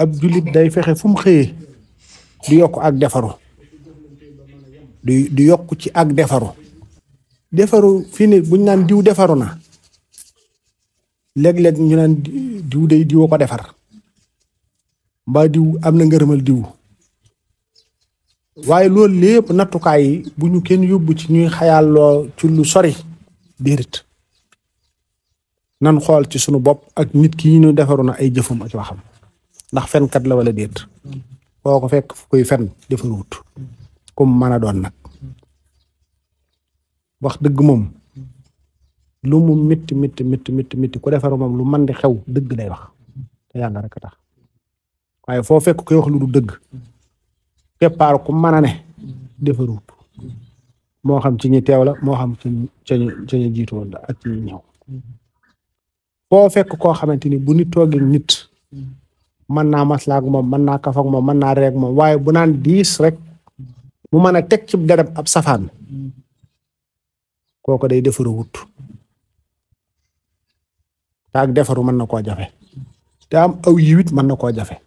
ab jullit day fexe fu mu xëyee di yokk ak defaru di di yokk ci ak defaru defaru fii ni buñ naan diw defaru na léeg-léeg ñu naan diw day diwoo ko defar mbaa diw am na ngërëmal diw waaye lool lépp nattukaay yi bu ñu kenn yóbbu ci ñuy xayaaloo ci lu sori déedéet nan xool ci sunu bopp ak nit ki ñu defaru na ay jëfam ak waxam ndax fenkat la wala déet koo ko fekk koy fen defaruut kum mën a doon nag wax dëgg moom lu mu mitti mitti mitti mitti mitti ku defar moom lu man di xew dëgg day wax te yàlla rek tax waaye foo fekk koy wax lu dëgg keppaar ku mën ne defaruut moo xam ci ñi teew la moo xam ci ñu ci ñu bu nit toogee nit man naa masla ak moom man naa kaf ak moom man naa ree ak moom waaye bu naan diis rek mu mën a teg ci deram ab safaan kooku day defaru wut te ak defaru mën na koo jafe te am aw yiwit mën na koo jafe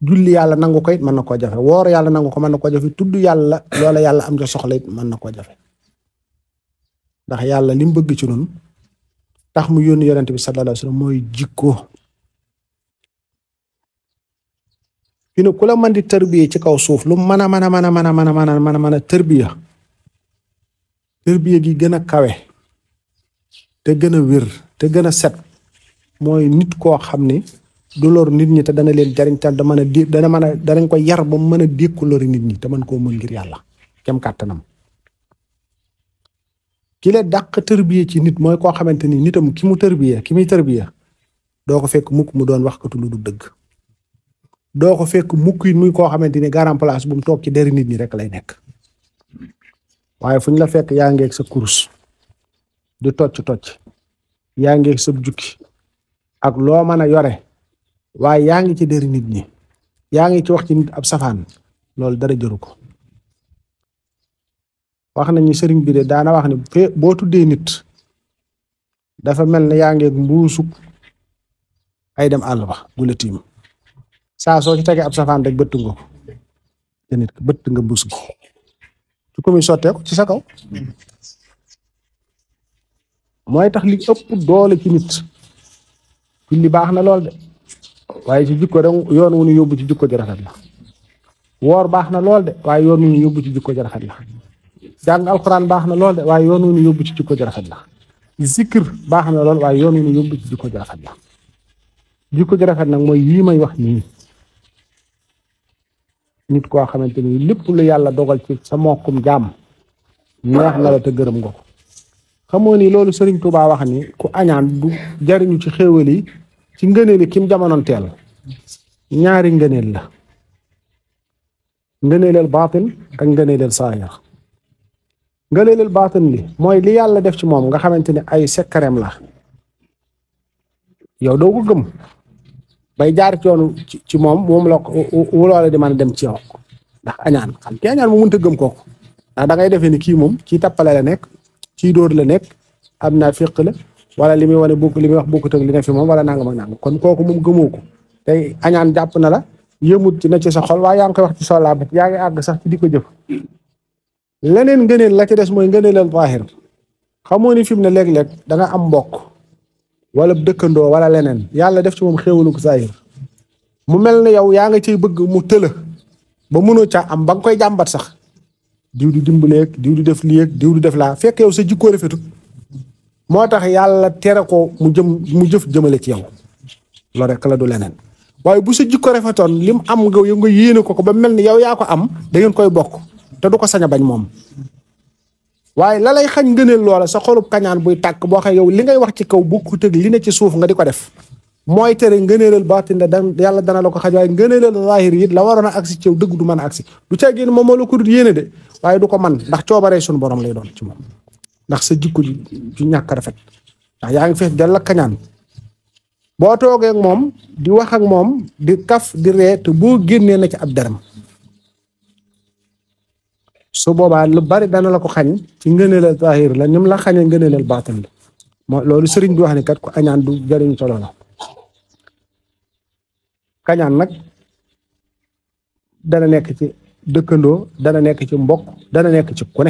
julli yàlla nangu ko it mën na koo jafe woor yàlla nangu ko mën na koo jafe tudd yàlla loola yàlla am ca soxla it mën na koo jafe ndax yàlla lim bëgg ci nun tax mu yónni yonent bi sallallahu alayhi wasallam mooy jikko you know ku man di tërbiye ci kaw suuf lu mana mana mana mana mana mana mana mana tërbiya tërbiya gi gëna kawé kawe te gën a te set mooy nit ko xamné du lor nit ñi te dana leen jariñ tan da mën di dana mëna a danañ ko yar ba mëna di ko lor nit ñi te man ko mën ngir yalla kem katanam ki la dàq tërbiye ci nit moy ko xamanteni nitam ki mu tërbiye ki mi tërbiye doo ko fekk mukk mu doon wax katu lu du doo ko fekk mukk yi muy ko xamanteni ni garam place bu mu tok ci deri nit ñi rek lay nekk waye fuñ la fekk ya ngeek sa course du tocc tocc ya ngeek sa jukki ak lo mën yoré yore ya ngi ci deri nit ñi ya ngi ci wax ci nit ab safan loolu dara jëru ko wax nañu sëriñ bi de daana wax ni bo tuddé nit dafa melni ya ngeek ngeeg mbuusuk ay dem allah ba la sa so ci tege ab safan rek bëtt nga ko te nga bus gi su ko muy sottee ko ci sa kaw War tax li ëpp doole ci nit julli bax na lool de waye ci jikko rek yoon wu ñu yobbu ci jikko la wor bax na lool de waye yoon ñu yobbu ci jikko la jang alquran bax na lool de waye yoon ñu yobbu ci jikko la zikir bax na lool yonuni yoon wu ñu yobbu ci jikko ji la jikko nak moy yi may wax ni nit koo xamante ni lépp lu yàlla dogal ci sa mokkum jàmm neex na la te gërëm nga ko xamoo ni loolu sëriñ Tuubaa wax ni ku añaan du jariñu ci xéewal yi ci ngëneel yi kim jamonoon teel ñaari ngëneel la ngëneeleel baatin ak ngëneeleel saahir ngëneeleel baatin li mooy li yàlla def ci moom nga xamante ni ay sekkareem la yow doo ko gëm bay jaar ci yoonu ci moom moom la ko loola di mën a dem ci yow ndax añaan xam ki añaan moom mënut a gëm kook ndax da ngay defee ni kii moom kii tappale la nekk ci dóor la nekk am naa fiq la wala li muy wane bokk li muy wax bokkut ak li ne fi moom wala nangam ak nangam kon kooku moom gëmoo ko añaan jàpp na la yëmut ci na ci sa xol waaye yaa ngi koy wax ci sa làmmiñ yaa sax ci di ko jëf leneen ngëneel la ci des mooy ngëneelal zaahir xamoo ni fi mu ne léeg-léeg da am mbokk wala dëkkandoo wala leneen yàlla def ci moom xéewalu ko saayir mu mel ne yow yaa nga ciy bëgg mu tëla ba mënoo caa am ba nga koy jàmbat sax diw di dimbaleeg di def lii ak diw di def laa fekk yow sa jikkoo rafetul moo tax yàlla tere ko mu jëm mu jëf jëmale ci yow loolu rek la du leneen waaye bu sa jikko rafetoon lim am nga yow yéene ko ko ba mel ni yow yaa ko am da koy bokk te du ko sañ a bañ moom waaye la lay xañ ngëneel loola sa xolub kañaan buy tàkk boo xam yow li ngay wax ci kaw bokkut ak li ne ci suuf nga di ko def mooy tere ngëneelal baatin da yàlla dana la ko xaj waaye ngëneelal zaahir it la waroon a agsi ci yow dëgg du mën a agsi du caa génn moom moo la ko dut yéene de waaye du ko man ndax coobaree suñu borom lay doon ci moom ndax sa jikko ji ju ñàkk rafet ndax yaa ngi fees dal la kañaan boo toogee moom di wax ak moom di kaf di ree te boo génnee na ci ab ma su boobaa lu bari dana la ko xañ ci ngëneelal zahir la ñoom la xañee ngëneelal baatin la moo loolu sëriñ bi wax ne kat ko añaan du jëriñ solo la kañaan nag dana nekk ci dëkkandoo dana nekk ci mbokk dana nekk ci ku